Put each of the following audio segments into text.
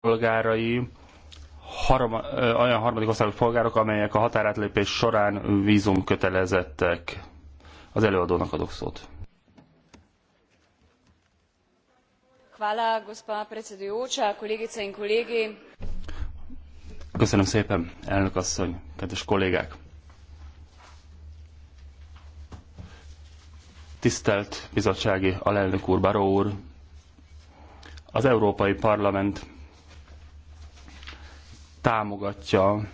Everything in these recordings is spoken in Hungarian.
polgárai harma, olyan harmadik országok polgárok, amelyek a határátlépés során vízum kötelezettek. Az előadónak adok szót. Hvala, gospa predsedujoča, kolegice in kolegi. Köszönöm szépen, elnök asszony, kedves kollégák. Tisztelt bizottsági alelnök úr, Baró úr, az Európai Parlament támogatja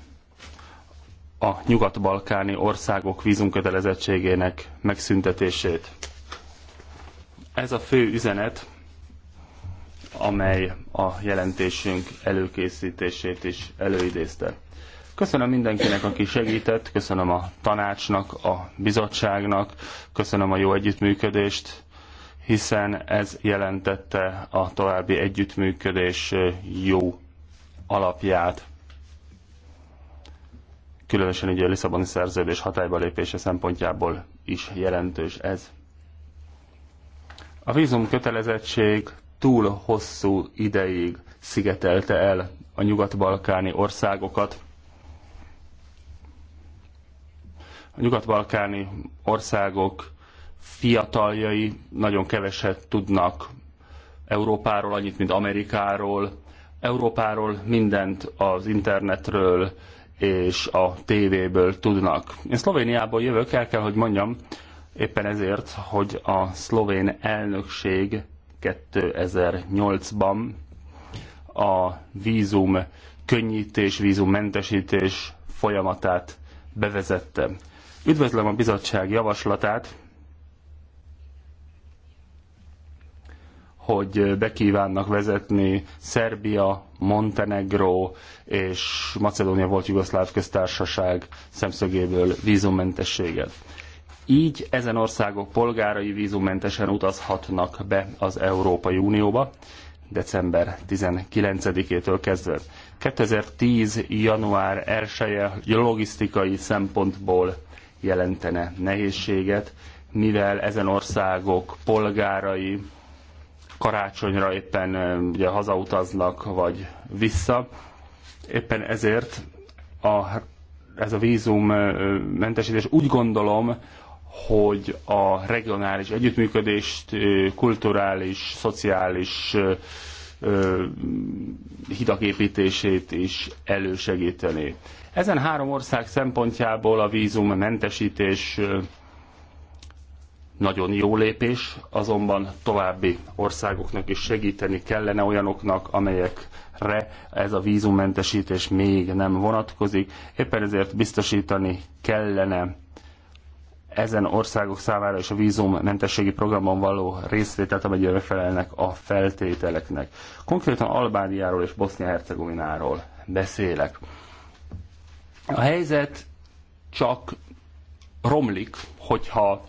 a nyugat-balkáni országok vízumkötelezettségének megszüntetését. Ez a fő üzenet, amely a jelentésünk előkészítését is előidézte. Köszönöm mindenkinek, aki segített, köszönöm a tanácsnak, a bizottságnak, köszönöm a jó együttműködést, hiszen ez jelentette a további együttműködés jó alapját különösen ugye a Lisszaboni szerződés hatályba lépése szempontjából is jelentős ez. A vízum kötelezettség túl hosszú ideig szigetelte el a nyugat-balkáni országokat. A nyugat-balkáni országok fiataljai nagyon keveset tudnak Európáról, annyit, mint Amerikáról. Európáról mindent az internetről, és a tévéből tudnak. Én Szlovéniából jövök, el kell, hogy mondjam, éppen ezért, hogy a szlovén elnökség 2008-ban a vízum könnyítés, vízummentesítés folyamatát bevezette. Üdvözlöm a bizottság javaslatát, hogy bekívánnak vezetni Szerbia, Montenegro és Macedónia volt Jugoszláv köztársaság szemszögéből vízummentességet. Így ezen országok polgárai vízummentesen utazhatnak be az Európai Unióba december 19-től kezdve. 2010. január 1-e logisztikai szempontból jelentene nehézséget, mivel ezen országok polgárai karácsonyra éppen ugye hazautaznak, vagy vissza. Éppen ezért a, ez a vízum mentesítés úgy gondolom, hogy a regionális együttműködést, kulturális, szociális hidak építését is elősegíteni. Ezen három ország szempontjából a vízum mentesítés nagyon jó lépés, azonban további országoknak is segíteni kellene olyanoknak, amelyekre ez a vízummentesítés még nem vonatkozik. Éppen ezért biztosítani kellene ezen országok számára is a vízummentességi programban való részvételt, amelyre megfelelnek a feltételeknek. Konkrétan Albániáról és Bosznia-Hercegovináról beszélek. A helyzet csak romlik, hogyha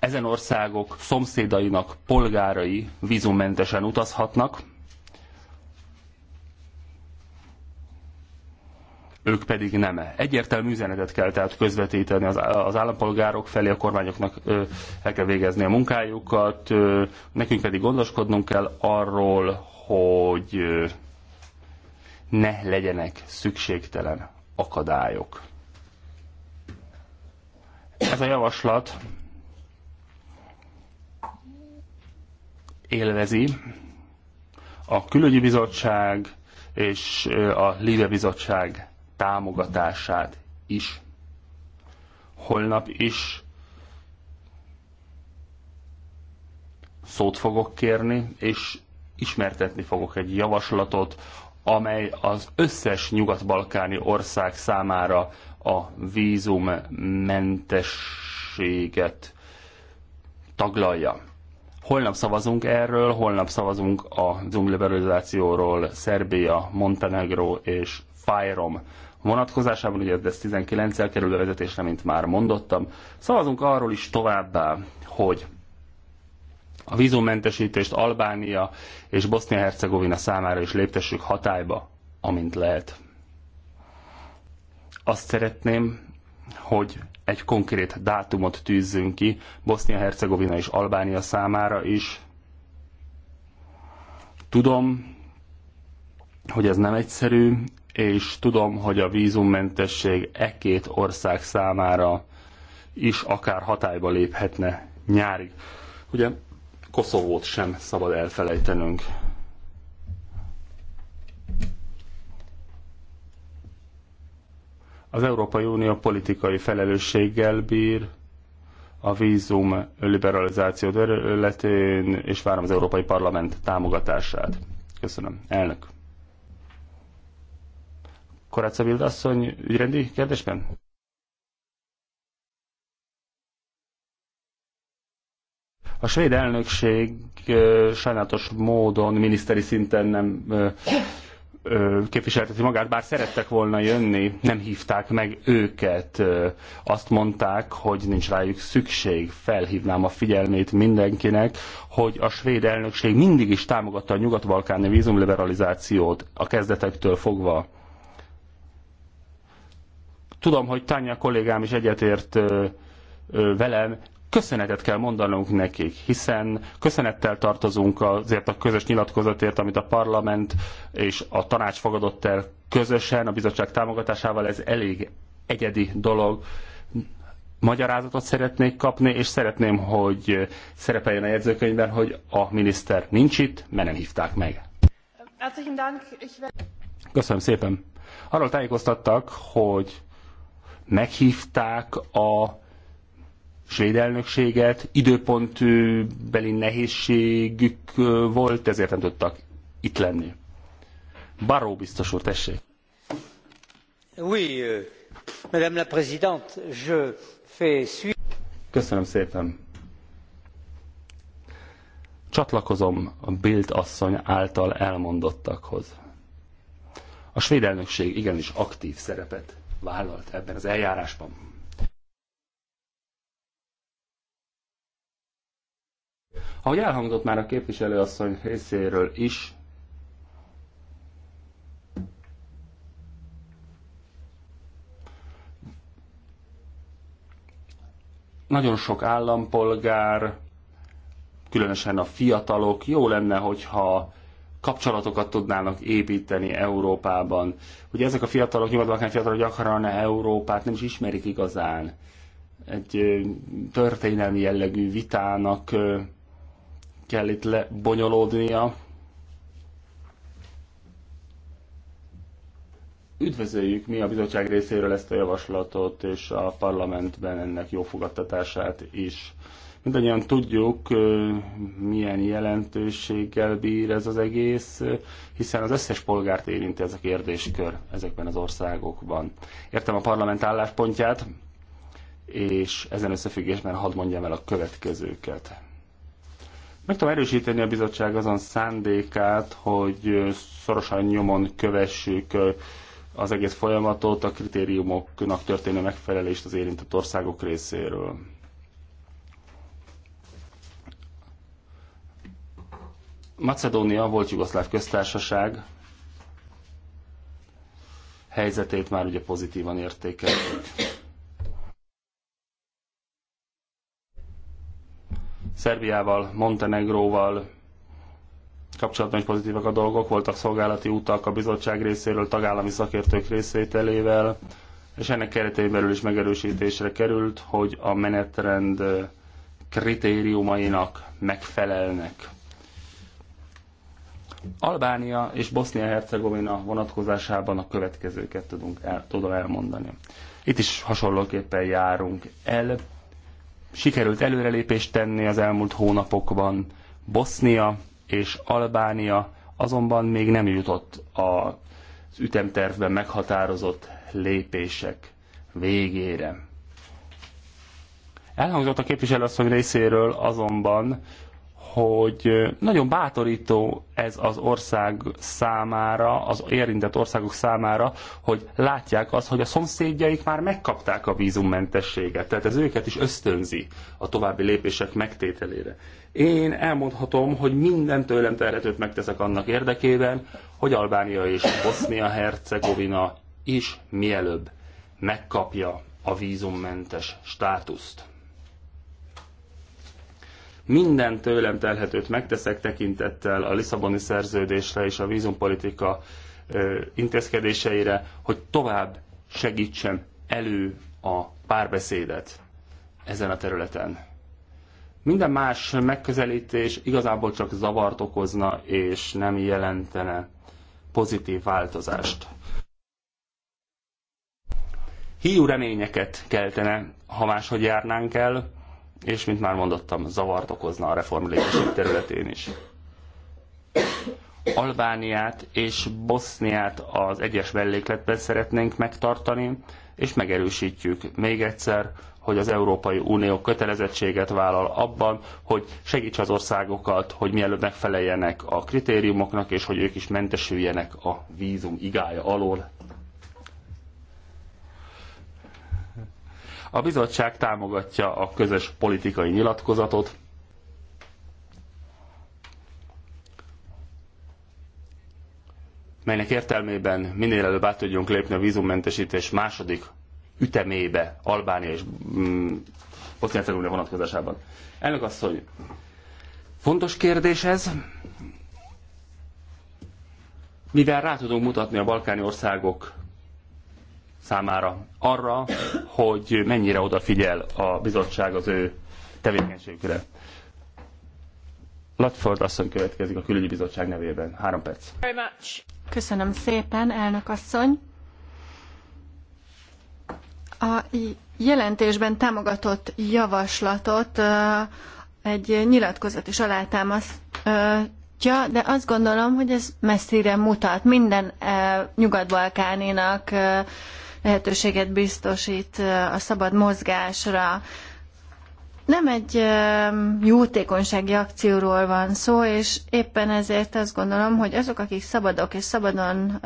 ezen országok szomszédainak polgárai vízummentesen utazhatnak, ők pedig nem. Egyértelmű üzenetet kell tehát közvetíteni az, állampolgárok felé, a kormányoknak el kell végezni a munkájukat, nekünk pedig gondoskodnunk kell arról, hogy ne legyenek szükségtelen akadályok. Ez a javaslat élvezi. A külügyi bizottság és a Libe bizottság támogatását is. Holnap is szót fogok kérni, és ismertetni fogok egy javaslatot, amely az összes nyugat-balkáni ország számára a vízummentességet taglalja. Holnap szavazunk erről, holnap szavazunk a Zoom liberalizációról Szerbia, Montenegro és Fajrom vonatkozásában, ugye ez 19-el kerül bevezetésre, mint már mondottam. Szavazunk arról is továbbá, hogy a vízummentesítést Albánia és Bosznia-Hercegovina számára is léptessük hatályba, amint lehet. Azt szeretném, hogy egy konkrét dátumot tűzzünk ki Bosznia-Hercegovina és Albánia számára is. Tudom, hogy ez nem egyszerű, és tudom, hogy a vízummentesség e két ország számára is akár hatályba léphetne nyárig. Ugye Koszovót sem szabad elfelejtenünk. Az Európai Unió politikai felelősséggel bír a vízum liberalizáció területén, és várom az Európai Parlament támogatását. Köszönöm. Elnök. Koráca Bild asszony, ügyrendi kérdésben? A svéd elnökség sajnálatos módon miniszteri szinten nem képviselteti magát, bár szerettek volna jönni, nem hívták meg őket. Azt mondták, hogy nincs rájuk szükség. Felhívnám a figyelmét mindenkinek, hogy a svéd elnökség mindig is támogatta a nyugat-balkáni vízumliberalizációt a kezdetektől fogva. Tudom, hogy Tanya kollégám is egyetért velem, köszönetet kell mondanunk nekik, hiszen köszönettel tartozunk azért a közös nyilatkozatért, amit a parlament és a tanács fogadott el közösen, a bizottság támogatásával, ez elég egyedi dolog. Magyarázatot szeretnék kapni, és szeretném, hogy szerepeljen a jegyzőkönyvben, hogy a miniszter nincs itt, mert nem hívták meg. Köszönöm szépen. Arról tájékoztattak, hogy meghívták a svéd elnökséget, időpontbeli nehézségük volt, ezért nem tudtak itt lenni. Baró biztos úr, tessék! Oui, euh, madame la présidente, je fais Köszönöm szépen. Csatlakozom a Bild asszony által elmondottakhoz. A svéd elnökség igenis aktív szerepet vállalt ebben az eljárásban Ahogy elhangzott már a képviselőasszony részéről is, nagyon sok állampolgár, különösen a fiatalok, jó lenne, hogyha kapcsolatokat tudnának építeni Európában. Ugye ezek a fiatalok, nyugat fiatalok gyakran Európát nem is ismerik igazán. Egy történelmi jellegű vitának kell itt lebonyolódnia. Üdvözöljük mi a bizottság részéről ezt a javaslatot és a parlamentben ennek jó fogadtatását is. Mindannyian tudjuk, milyen jelentőséggel bír ez az egész, hiszen az összes polgárt érinti ez a kérdéskör ezekben az országokban. Értem a parlament álláspontját, és ezen összefüggésben hadd mondjam el a következőket. Meg tudom erősíteni a bizottság azon szándékát, hogy szorosan nyomon kövessük az egész folyamatot, a kritériumoknak történő megfelelést az érintett országok részéről. Macedónia volt Jugoszláv köztársaság, helyzetét már ugye pozitívan értékeltük. Szerbiával, Montenegróval kapcsolatban is pozitívak a dolgok, voltak szolgálati utak a bizottság részéről, tagállami szakértők részvételével, és ennek keretében belül is megerősítésre került, hogy a menetrend kritériumainak megfelelnek. Albánia és Bosznia-Hercegovina vonatkozásában a következőket tudunk el, tudom elmondani. Itt is hasonlóképpen járunk el sikerült előrelépést tenni az elmúlt hónapokban. Bosznia és Albánia azonban még nem jutott az ütemtervben meghatározott lépések végére. Elhangzott a képviselőasszony részéről azonban, hogy nagyon bátorító ez az ország számára, az érintett országok számára, hogy látják azt, hogy a szomszédjaik már megkapták a vízummentességet, tehát ez őket is ösztönzi a további lépések megtételére. Én elmondhatom, hogy minden tőlem terhetőt megteszek annak érdekében, hogy Albánia és Bosznia-Hercegovina is mielőbb megkapja a vízummentes státuszt. Minden tőlem telhetőt megteszek tekintettel a Lisszaboni szerződésre és a vízumpolitika intézkedéseire, hogy tovább segítsem elő a párbeszédet ezen a területen. Minden más megközelítés igazából csak zavart okozna, és nem jelentene pozitív változást. Hiú reményeket keltene, ha máshogy járnánk el, és, mint már mondottam, zavart okozna a reform területén is. Albániát és Boszniát az egyes mellékletben szeretnénk megtartani, és megerősítjük még egyszer, hogy az Európai Unió kötelezettséget vállal abban, hogy segítse az országokat, hogy mielőbb megfeleljenek a kritériumoknak, és hogy ők is mentesüljenek a vízum igája alól. A bizottság támogatja a közös politikai nyilatkozatot, melynek értelmében minél előbb át tudjunk lépni a vízummentesítés második ütemébe Albánia és mm, Bosznia-Hercegovina vonatkozásában. Elnök asszony, fontos kérdés ez, mivel rá tudunk mutatni a balkáni országok számára arra, hogy mennyire odafigyel a bizottság az ő tevékenységükre. Latford asszony következik a külügyi bizottság nevében. Három perc. Köszönöm szépen, elnök asszony. A jelentésben támogatott javaslatot egy nyilatkozat is alátámasztja, de azt gondolom, hogy ez messzire mutat minden nyugat-balkáninak lehetőséget biztosít a szabad mozgásra. Nem egy jótékonysági akcióról van szó, és éppen ezért azt gondolom, hogy azok, akik szabadok és szabadon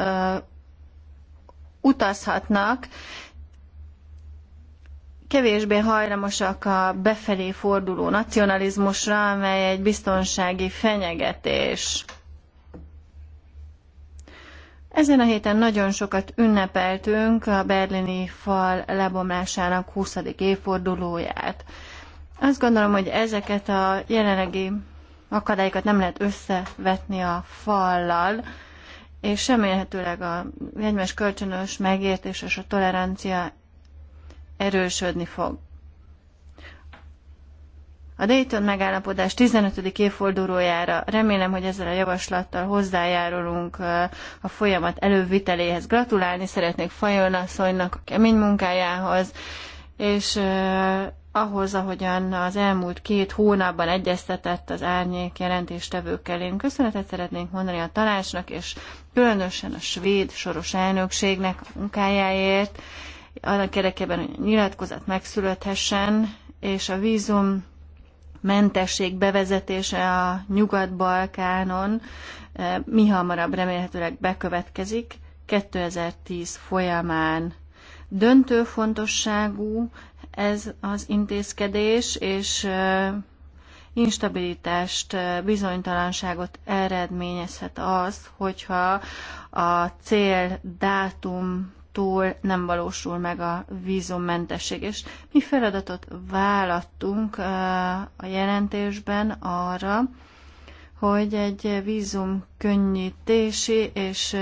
utazhatnak, kevésbé hajlamosak a befelé forduló nacionalizmusra, amely egy biztonsági fenyegetés. Ezen a héten nagyon sokat ünnepeltünk a berlini fal lebomlásának 20. évfordulóját. Azt gondolom, hogy ezeket a jelenlegi akadályokat nem lehet összevetni a fallal, és remélhetőleg a egymás kölcsönös megértés és a tolerancia erősödni fog. A Dayton megállapodás 15. évfordulójára remélem, hogy ezzel a javaslattal hozzájárulunk a folyamat előviteléhez. Gratulálni szeretnék Fajon asszonynak a kemény munkájához, és ahhoz, ahogyan az elmúlt két hónapban egyeztetett az árnyék jelentéstevőkkel. Én köszönetet szeretnénk mondani a tanácsnak, és különösen a svéd soros elnökségnek a munkájáért, annak érdekében, hogy a nyilatkozat megszülethessen, és a vízum mentesség bevezetése a Nyugat-Balkánon eh, mi hamarabb remélhetőleg bekövetkezik 2010 folyamán. Döntő fontosságú ez az intézkedés, és eh, instabilitást, eh, bizonytalanságot eredményezhet az, hogyha a cél dátum túl nem valósul meg a vízummentesség. És mi feladatot vállattunk a jelentésben arra, hogy egy vízum könnyítési és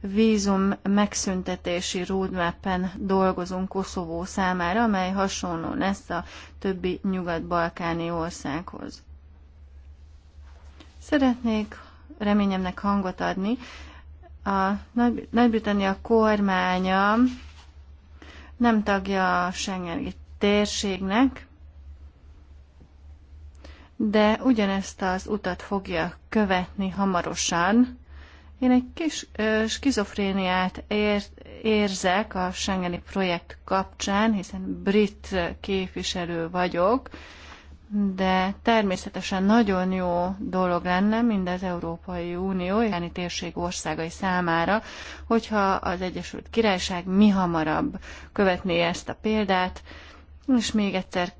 vízum megszüntetési roadmap-en dolgozunk Koszovó számára, amely hasonló lesz a többi nyugat-balkáni országhoz. Szeretnék reményemnek hangot adni, a Nagy-Britannia kormánya nem tagja a Schengeni térségnek, de ugyanezt az utat fogja követni hamarosan. Én egy kis ö, skizofréniát ér, érzek a Schengeni projekt kapcsán, hiszen brit képviselő vagyok, de természetesen nagyon jó dolog lenne mind az Európai Unió, iráni térség országai számára, hogyha az Egyesült Királyság mi hamarabb követné ezt a példát, és még egyszer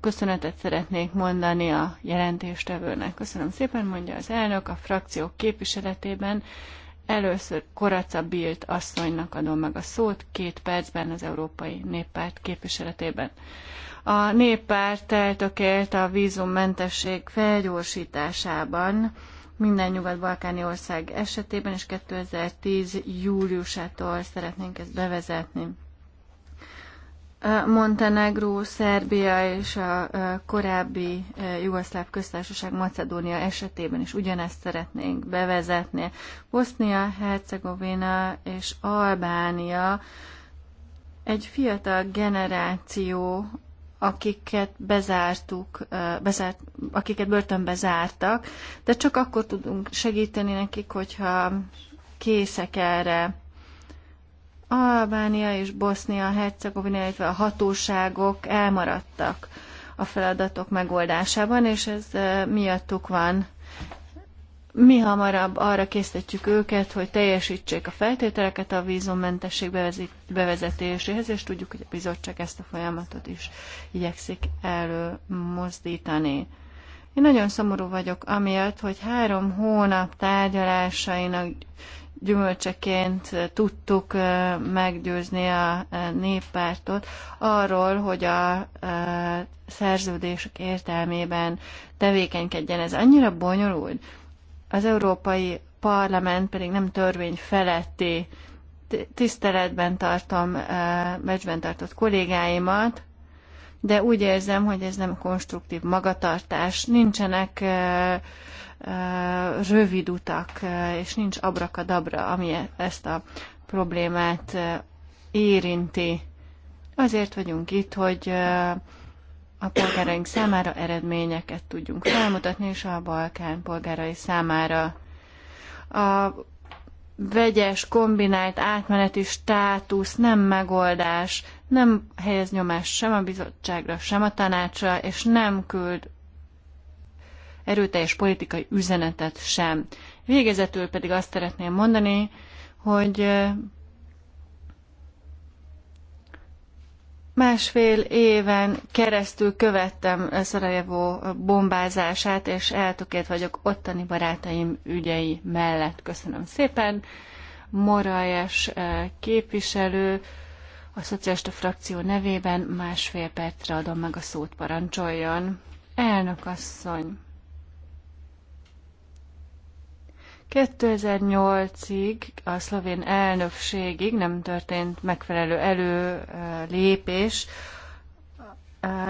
köszönetet szeretnék mondani a jelentéstevőnek. Köszönöm szépen, mondja az elnök, a frakciók képviseletében először Koraca Bilt asszonynak adom meg a szót két percben az Európai Néppárt képviseletében. A néppárt eltökélt a vízummentesség felgyorsításában minden nyugat-balkáni ország esetében, és 2010. júliusától szeretnénk ezt bevezetni. Montenegró, Szerbia és a korábbi Jugoszláv köztársaság Macedónia esetében is ugyanezt szeretnénk bevezetni. Bosznia, Hercegovina és Albánia egy fiatal generáció akiket bezártuk, bezárt, akiket börtönbe zártak, de csak akkor tudunk segíteni nekik, hogyha készek erre. Albánia és Bosznia, Hercegovina, illetve a hatóságok elmaradtak a feladatok megoldásában, és ez miattuk van mi hamarabb arra készítjük őket, hogy teljesítsék a feltételeket a vízummentesség bevezetéséhez, és tudjuk, hogy a bizottság ezt a folyamatot is igyekszik előmozdítani. Én nagyon szomorú vagyok amiatt, hogy három hónap tárgyalásainak gyümölcseként tudtuk meggyőzni a néppártot arról, hogy a szerződések értelmében tevékenykedjen. Ez annyira bonyolult, az Európai Parlament pedig nem törvény feletti tiszteletben tartom becsben tartott kollégáimat, de úgy érzem, hogy ez nem konstruktív magatartás, nincsenek rövid utak, és nincs abrakadabra, ami ezt a problémát érinti. Azért vagyunk itt, hogy a polgáraink számára eredményeket tudjunk felmutatni, és a Balkán polgárai számára a vegyes, kombinált átmeneti státusz nem megoldás, nem helyez nyomást sem a bizottságra, sem a tanácsra, és nem küld erőteljes politikai üzenetet sem. Végezetül pedig azt szeretném mondani, hogy Másfél éven keresztül követtem Szarajevó bombázását, és eltökélt vagyok ottani barátaim ügyei mellett. Köszönöm szépen. Morajes eh, képviselő, a szocialista frakció nevében másfél percre adom meg a szót, parancsoljon. Elnök asszony! 2008-ig, a szlovén elnökségig nem történt megfelelő előlépés,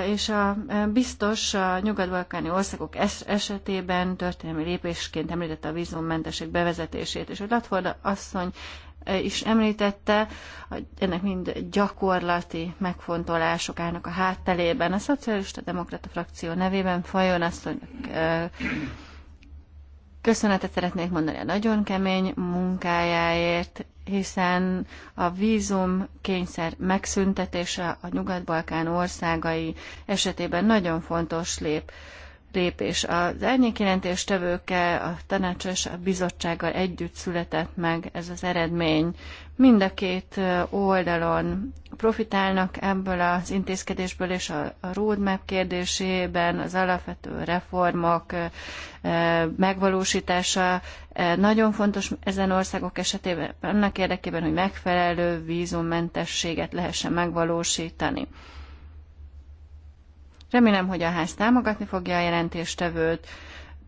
és a biztos a nyugat-balkáni országok esetében történelmi lépésként említette a vízummentesség bevezetését, és a Latford asszony is említette, ennek mind gyakorlati megfontolások állnak a háttelében. A szocialista demokrata frakció nevében Fajon asszony Köszönetet szeretnék mondani a nagyon kemény munkájáért, hiszen a vízum kényszer megszüntetése a Nyugat-Balkán országai esetében nagyon fontos lép lépés. Az árnyékjelentéstevőkkel, a tanácsos és a bizottsággal együtt született meg ez az eredmény. Mind a két oldalon profitálnak ebből az intézkedésből, és a roadmap kérdésében az alapvető reformok megvalósítása nagyon fontos ezen országok esetében, annak érdekében, hogy megfelelő vízummentességet lehessen megvalósítani. Remélem, hogy a ház támogatni fogja a jelentéstevőt.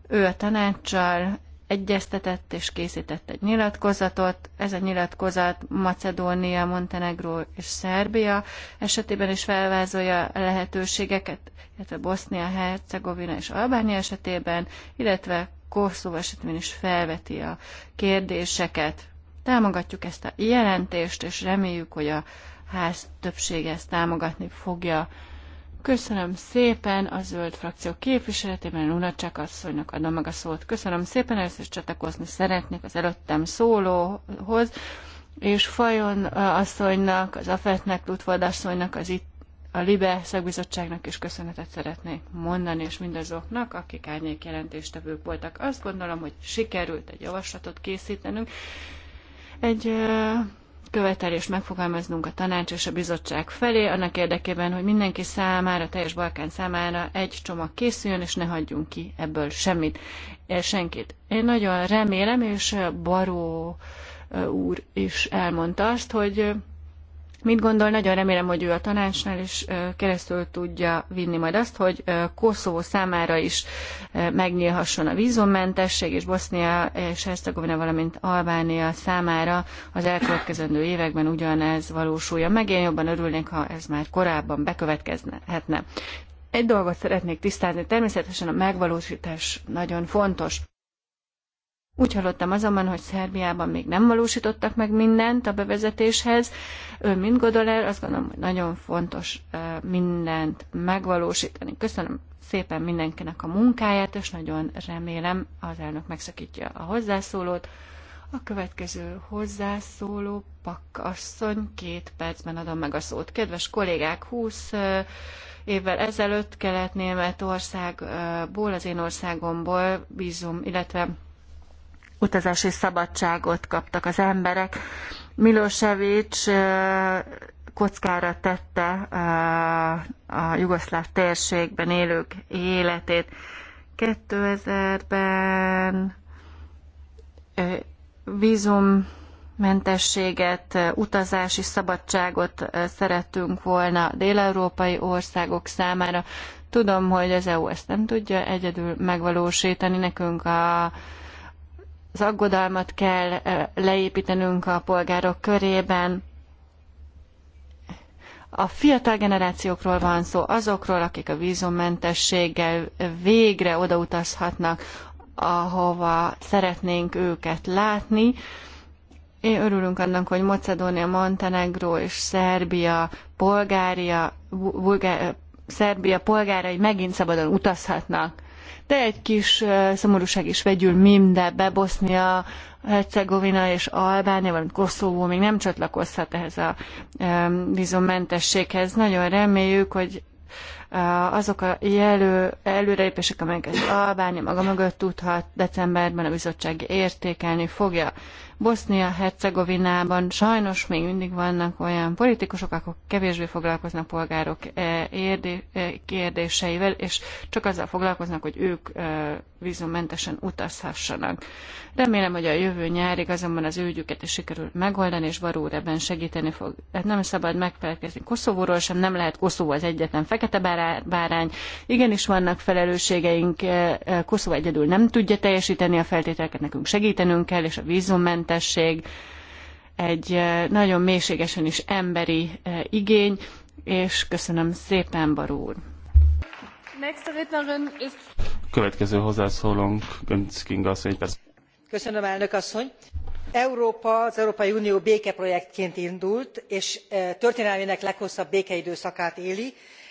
Ő a tanácssal egyeztetett és készített egy nyilatkozatot. Ez a nyilatkozat Macedónia, Montenegró és Szerbia esetében is felvázolja a lehetőségeket, illetve Bosznia, Hercegovina és Albánia esetében, illetve Koszovó esetében is felveti a kérdéseket. Támogatjuk ezt a jelentést, és reméljük, hogy a ház többsége ezt támogatni fogja. Köszönöm szépen a zöld frakció képviseletében, Csak asszonynak adom meg a szót. Köszönöm szépen, először is csatlakozni szeretnék az előttem szólóhoz, és Fajon asszonynak, az Afetnek, Lutvold asszonynak, az itt a LIBE szakbizottságnak is köszönetet szeretnék mondani, és mindazoknak, akik árnyék jelentéstevők voltak. Azt gondolom, hogy sikerült egy javaslatot készítenünk. Egy követelést megfogalmaznunk a tanács és a bizottság felé, annak érdekében, hogy mindenki számára, teljes Balkán számára egy csomag készüljön, és ne hagyjunk ki ebből semmit, e, senkit. Én nagyon remélem, és Baró e, úr is elmondta azt, hogy mit gondol. Nagyon remélem, hogy ő a tanácsnál is keresztül tudja vinni majd azt, hogy Koszovó számára is megnyílhasson a vízummentesség, és Bosznia és Hercegovina, valamint Albánia számára az elkövetkezendő években ugyanez valósulja meg. Én jobban örülnék, ha ez már korábban bekövetkezhetne. Egy dolgot szeretnék tisztázni, természetesen a megvalósítás nagyon fontos. Úgy hallottam azonban, hogy Szerbiában még nem valósítottak meg mindent a bevezetéshez. Ő mind gondol el, azt gondolom, hogy nagyon fontos mindent megvalósítani. Köszönöm szépen mindenkinek a munkáját, és nagyon remélem az elnök megszakítja a hozzászólót. A következő hozzászóló pakasszony, két percben adom meg a szót. Kedves kollégák, 20 évvel ezelőtt kelet országból, az én országomból bízom, illetve utazási szabadságot kaptak az emberek. Milosevic kockára tette a jugoszláv térségben élők életét. 2000-ben vízummentességet, utazási szabadságot szerettünk volna dél-európai országok számára. Tudom, hogy az EU ezt nem tudja egyedül megvalósítani. Nekünk a az aggodalmat kell leépítenünk a polgárok körében. A fiatal generációkról van szó, azokról, akik a vízummentességgel végre odautazhatnak, ahova szeretnénk őket látni. Én örülünk annak, hogy Macedónia, Montenegró és Szerbia, Bulgária, Bulgá, Szerbia polgárai megint szabadon utazhatnak de egy kis szomorúság is vegyül mindebbe Bosznia, Hercegovina és Albánia, valamint Koszovó még nem csatlakozhat ehhez a vízummentességhez. Nagyon reméljük, hogy azok a jelő, előrelépések, amelyeket Albánia maga mögött tudhat, decemberben a bizottság értékelni fogja. Bosznia-Hercegovinában sajnos még mindig vannak olyan politikusok, akik kevésbé foglalkoznak polgárok e, e, kérdéseivel, és csak azzal foglalkoznak, hogy ők vízummentesen utazhassanak. Remélem, hogy a jövő nyárig azonban az ügyüket is sikerül megoldani, és Barúr ebben segíteni fog. Hát nem szabad megfelelkezni Koszovóról sem, nem lehet Koszovó az egyetlen fekete bárány, bárány. Igenis vannak felelősségeink, eh, eh, Koszova egyedül nem tudja teljesíteni a feltételeket, nekünk segítenünk kell, és a vízummentesség egy eh, nagyon mélységesen is emberi igény, és köszönöm szépen, Baró úr. Következő hozzászólónk, Gönc Kinga, Köszönöm, elnök asszony európa az európai unió békeprojektként indult és történelmének leghosszabb békeidőszakát éli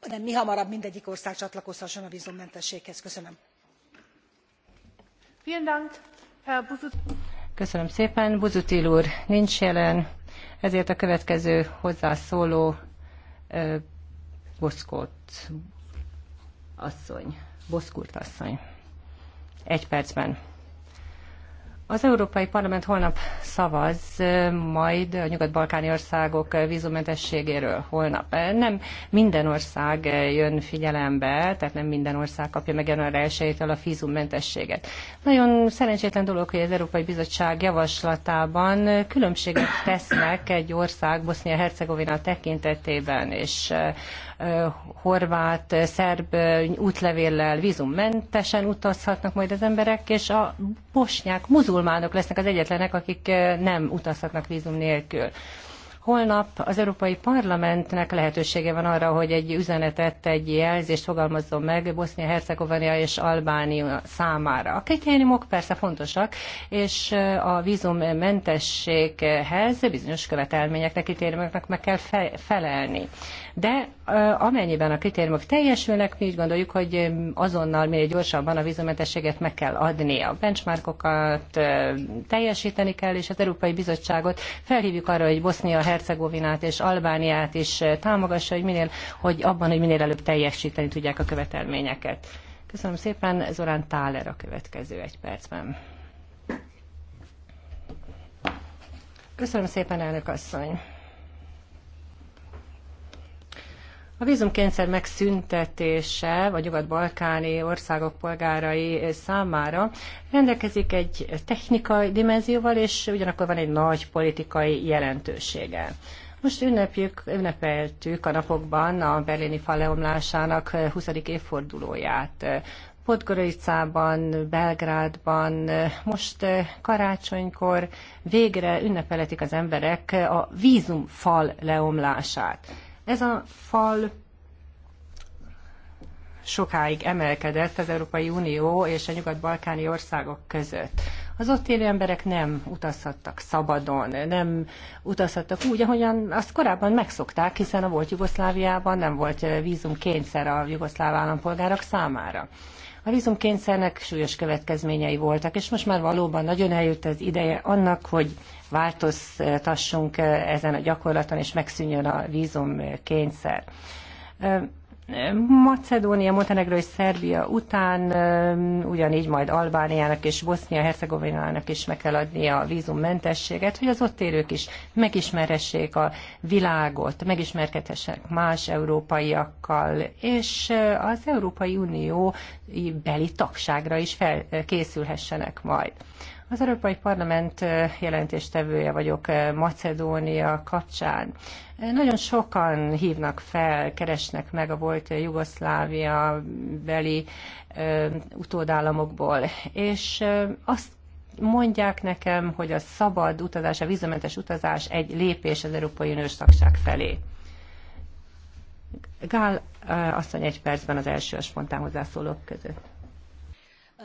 hanem mihamarabb mindegyik ország csatlakozhasson a vzummentességhez. köszönöm. Köszönöm szépen. Buzutil úr nincs jelen, ezért a következő hozzászóló Boszkott asszony, Boszkurt asszony. Egy percben. Az Európai Parlament holnap szavaz majd a nyugat-balkáni országok vízumentességéről holnap. Nem minden ország jön figyelembe, tehát nem minden ország kapja meg január 1 a vízummentességet. Nagyon szerencsétlen dolog, hogy az Európai Bizottság javaslatában különbséget tesznek egy ország Bosznia-Hercegovina tekintetében, és horvát, szerb útlevéllel vízummentesen utazhatnak majd az emberek, és a bosnyák muzul muzulmánok lesznek az egyetlenek, akik eh, nem utazhatnak vízum nélkül. Holnap az Európai Parlamentnek lehetősége van arra, hogy egy üzenetet, egy jelzést fogalmazzon meg Bosznia-Hercegovina és Albánia számára. A kritériumok persze fontosak, és eh, a vízummentességhez bizonyos követelményeknek, kritériumoknak meg kell felelni de amennyiben a kritériumok teljesülnek, mi úgy gondoljuk, hogy azonnal minél gyorsabban a vízumentességet meg kell adni. A benchmarkokat teljesíteni kell, és az Európai Bizottságot felhívjuk arra, hogy Bosznia-Hercegovinát és Albániát is támogassa, hogy, minél, hogy abban, hogy minél előbb teljesíteni tudják a követelményeket. Köszönöm szépen, Zorán Táler a következő egy percben. Köszönöm szépen, elnök asszony! A vízumkényszer megszüntetése vagy nyugat-balkáni országok polgárai számára rendelkezik egy technikai dimenzióval, és ugyanakkor van egy nagy politikai jelentősége. Most ünnepjük, ünnepeltük a napokban a berlini fal leomlásának 20. évfordulóját. Podgoricában, Belgrádban, most karácsonykor végre ünnepeletik az emberek a vízumfal leomlását. Ez a fal sokáig emelkedett az Európai Unió és a nyugat-balkáni országok között. Az ott élő emberek nem utazhattak szabadon, nem utazhattak úgy, ahogyan azt korábban megszokták, hiszen a volt Jugoszláviában nem volt vízum kényszer a jugoszláv állampolgárok számára. A vízumkényszernek súlyos következményei voltak, és most már valóban nagyon eljött az ideje annak, hogy változtassunk eh, ezen a gyakorlaton, és megszűnjön a vízumkényszer. Eh, Macedónia, Montenegro és Szerbia után ugyanígy majd Albániának és Bosznia-Hercegovinának is meg kell adni a vízummentességet, hogy az ott élők is megismeressék a világot, megismerkedhessenek más európaiakkal, és az Európai Unió beli tagságra is felkészülhessenek majd. Az Európai Parlament jelentéstevője vagyok Macedónia kapcsán. Nagyon sokan hívnak fel, keresnek meg a volt Jugoszlávia beli utódállamokból, és azt mondják nekem, hogy a szabad utazás, a vízumentes utazás egy lépés az Európai Uniós tagság felé. Gál asszony egy percben az első a spontán hozzászólók között. Uh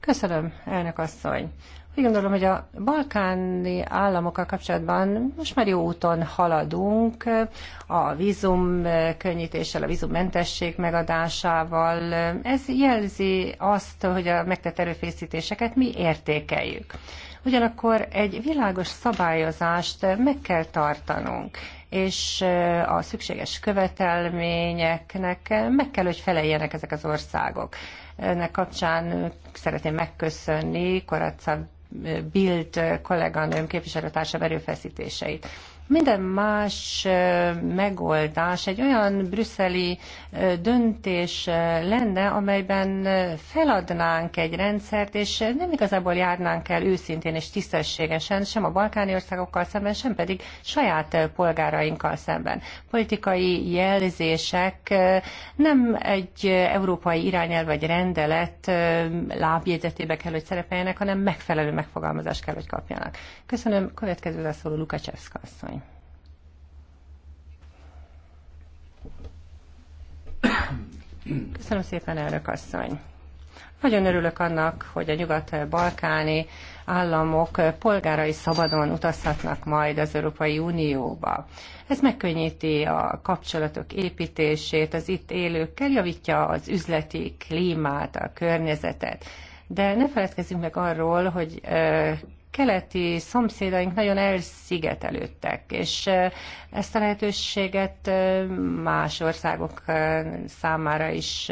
Köszönöm, elnök asszony. Úgy gondolom, hogy a balkáni államokkal kapcsolatban most már jó úton haladunk. A vízum könnyítéssel, a vízummentesség megadásával. Ez jelzi azt, hogy a megtett erőfészítéseket mi értékeljük. Ugyanakkor egy világos szabályozást meg kell tartanunk, és a szükséges követelményeknek meg kell, hogy feleljenek ezek az országok. Ennek kapcsán szeretném megköszönni Koratza Bild kolléganőm képviselőtársa erőfeszítéseit. Minden más megoldás egy olyan brüsszeli döntés lenne, amelyben feladnánk egy rendszert, és nem igazából járnánk el őszintén és tisztességesen, sem a balkáni országokkal szemben, sem pedig saját polgárainkkal szemben. Politikai jelzések nem egy európai irányelv vagy rendelet lábjegyzetébe kell, hogy szerepeljenek, hanem megfelelő megfogalmazást kell, hogy kapjanak. Köszönöm. Következő lesz szóló Lukacsevszka asszony. Köszönöm szépen, elnök asszony. Nagyon örülök annak, hogy a nyugat-balkáni államok polgárai szabadon utazhatnak majd az Európai Unióba. Ez megkönnyíti a kapcsolatok építését az itt élőkkel, javítja az üzleti klímát, a környezetet. De ne feledkezzünk meg arról, hogy keleti szomszédaink nagyon elszigetelődtek, és ezt a lehetőséget más országok számára is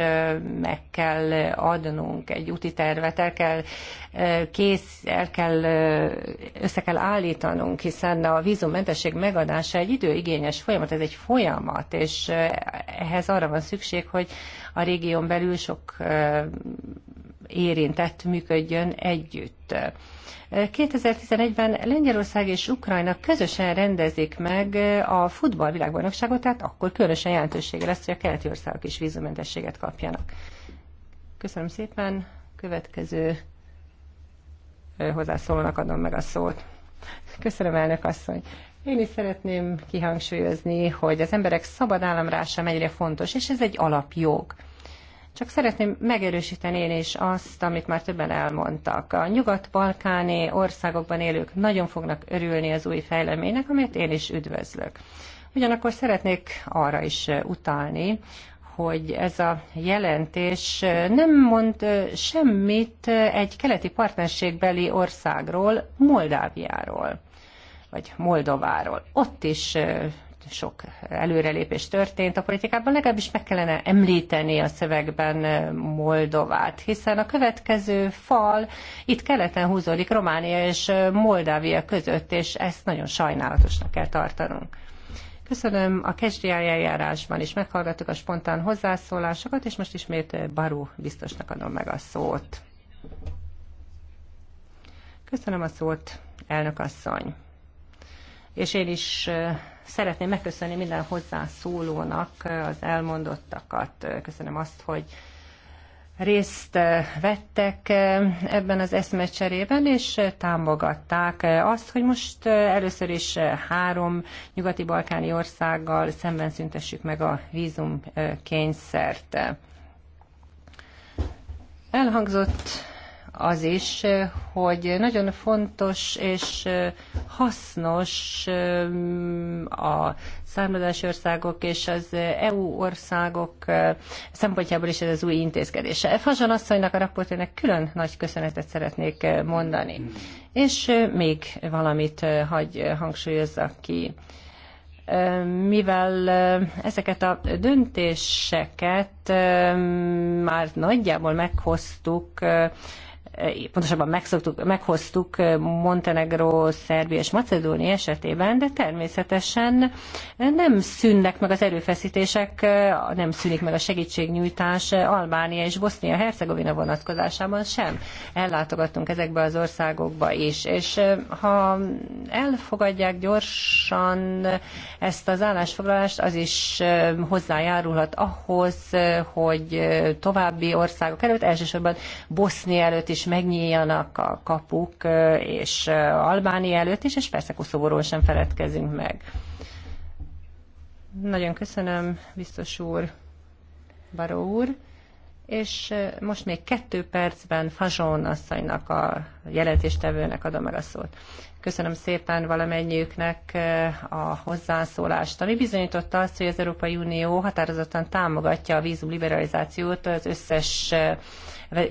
meg kell adnunk, egy úti tervet el kell kész, el kell, össze kell állítanunk, hiszen a vízummentesség megadása egy időigényes folyamat, ez egy folyamat, és ehhez arra van szükség, hogy a régión belül sok érintett működjön együtt. 2011-ben Lengyelország és Ukrajna közösen rendezik meg a futballvilágbajnokságot, tehát akkor különösen jelentősége lesz, hogy a keleti országok is vízumentességet kapjanak. Köszönöm szépen. Következő hozzászólónak adom meg a szót. Köszönöm, elnök asszony. Én is szeretném kihangsúlyozni, hogy az emberek szabad államrása mennyire fontos, és ez egy alapjog. Csak szeretném megerősíteni én is azt, amit már többen elmondtak. A nyugat-balkáni országokban élők nagyon fognak örülni az új fejleménynek, amit én is üdvözlök. Ugyanakkor szeretnék arra is utalni, hogy ez a jelentés nem mond semmit egy keleti partnerségbeli országról, Moldáviáról vagy Moldováról. Ott is sok előrelépés történt a politikában, legalábbis meg kellene említeni a szövegben eh, Moldovát, hiszen a következő fal itt keleten húzódik Románia és eh, Moldávia között, és ezt nagyon sajnálatosnak kell tartanunk. Köszönöm a kezdi eljárásban is meghallgattuk a spontán hozzászólásokat, és most ismét eh, baró biztosnak adom meg a szót. Köszönöm a szót, elnök asszony. És én is Szeretném megköszönni minden hozzászólónak az elmondottakat. Köszönöm azt, hogy részt vettek ebben az eszmecserében, és támogatták azt, hogy most először is három nyugati-balkáni országgal szemben szüntessük meg a vízumkényszert. Elhangzott az is, hogy nagyon fontos és hasznos a származási országok és az EU országok szempontjából is ez az új intézkedés. Fazson asszonynak, a raportőrnek külön nagy köszönetet szeretnék mondani. És még valamit hagy hangsúlyozza ki mivel ezeket a döntéseket már nagyjából meghoztuk pontosabban megszoktuk, meghoztuk eh, Montenegró, Szerbia és Macedónia esetében, de természetesen eh, nem szűnnek meg az erőfeszítések, eh, nem szűnik meg a segítségnyújtás Albánia és Bosznia-Hercegovina vonatkozásában sem. Ellátogattunk ezekbe az országokba is, és ha elfogadják gyorsan ezt az állásfoglalást, az is hozzájárulhat ahhoz, hogy további országok előtt, elsősorban Bosznia előtt is is megnyíljanak a kapuk, és Albánia előtt is, és persze Koszovóról sem feledkezünk meg. Nagyon köszönöm, biztos úr, Baró úr. És most még kettő percben Fazson asszonynak, a jelentéstevőnek adom el a szót. Köszönöm szépen valamennyiüknek a hozzászólást, ami bizonyította azt, hogy az Európai Unió határozottan támogatja a vízum liberalizációt az összes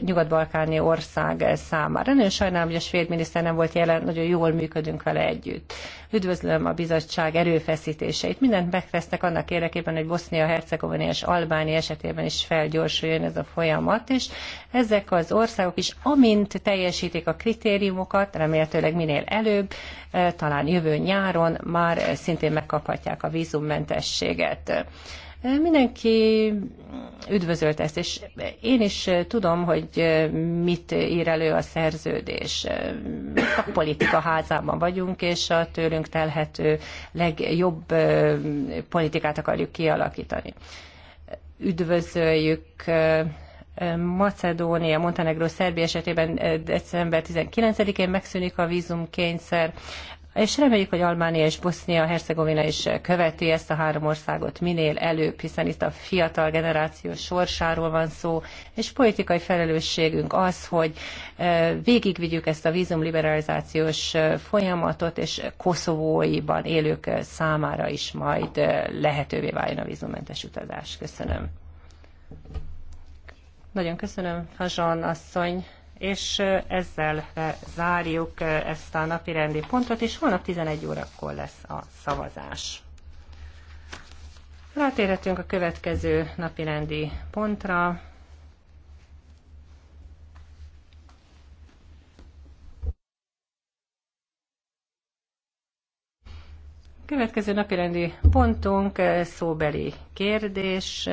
nyugat-balkáni ország számára. Nagyon sajnálom, hogy a svéd miniszter nem volt jelen, nagyon jól működünk vele együtt. Üdvözlöm a bizottság erőfeszítéseit. Mindent megtesznek annak érdekében, hogy Bosznia-Hercegovina és Albánia esetében is felgyorsuljon ez a folyamat, és ezek az országok is, amint teljesítik a kritériumokat, remélhetőleg minél előbb, eh, talán jövő nyáron már szintén megkaphatják a vízummentességet. Mindenki üdvözölt ezt, és én is tudom, hogy mit ír elő a szerződés. A politika házában vagyunk, és a tőlünk telhető legjobb politikát akarjuk kialakítani. Üdvözöljük eh, Macedónia, Montenegro, Szerbia esetében eh, december 19-én megszűnik a vízumkényszer és reméljük, hogy Albánia és Bosznia-Hercegovina is követi ezt a három országot minél előbb, hiszen itt a fiatal generáció sorsáról van szó, és politikai felelősségünk az, hogy e, végigvigyük ezt a vízumliberalizációs e, folyamatot, és Koszovóiban élők e, számára is majd lehetővé váljon a vízummentes utazás. Köszönöm. Nagyon köszönöm, Fazson asszony és ezzel zárjuk ezt a napi rendi pontot, és holnap 11 órakor lesz a szavazás. Rátérhetünk a következő napi rendi pontra. Következő napirendi pontunk szóbeli kérdés.